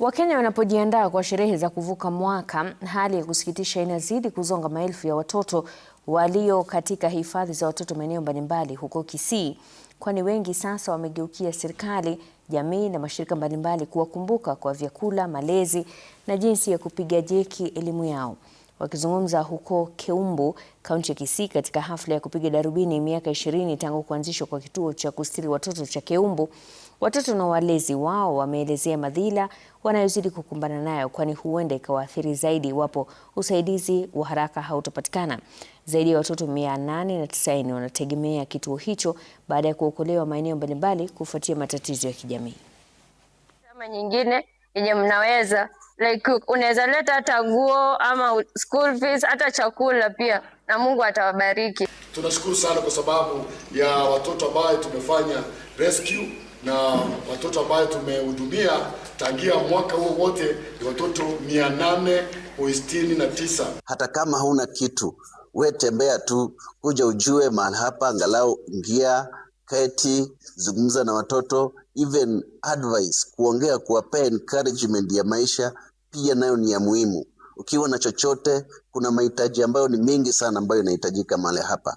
Wakenya wanapojiandaa kwa sherehe za kuvuka mwaka, hali ya kusikitisha inazidi kuzonga maelfu ya watoto walio katika hifadhi za watoto maeneo mbalimbali huko Kisii, kwani wengi sasa wamegeukia serikali, jamii na mashirika mbalimbali kuwakumbuka kwa vyakula, malezi na jinsi ya kupiga jeki elimu yao. Wakizungumza huko Keumbu, kaunti ya Kisii, katika hafla ya kupiga darubini miaka ishirini tangu kuanzishwa kwa kituo cha kustiri watoto cha Keumbu, watoto na walezi wao wameelezea madhila wanayozidi kukumbana nayo, kwani huenda ikawaathiri zaidi iwapo usaidizi wa haraka hautapatikana. Zaidi ya watoto 890 wanategemea kituo hicho baada ya kuokolewa maeneo mbalimbali kufuatia matatizo ya kijamii. Kama nyingine yenye mnaweza like unaweza leta hata nguo ama school fees hata chakula pia, na Mungu atawabariki. Tunashukuru sana kwa sababu ya watoto ambayo tumefanya rescue na watoto ambayo tumehudumia tangia mwaka huo wote ni watoto mia nane sitini na tisa. Hata kama huna kitu, we tembea tu, kuja ujue mahali hapa, angalau ingia keti, zungumza na watoto, even advice, kuongea, kuwapea encouragement ya maisha pia nayo ni ya muhimu. Ukiwa na chochote, kuna mahitaji ambayo ni mengi sana ambayo inahitajika mahali hapa.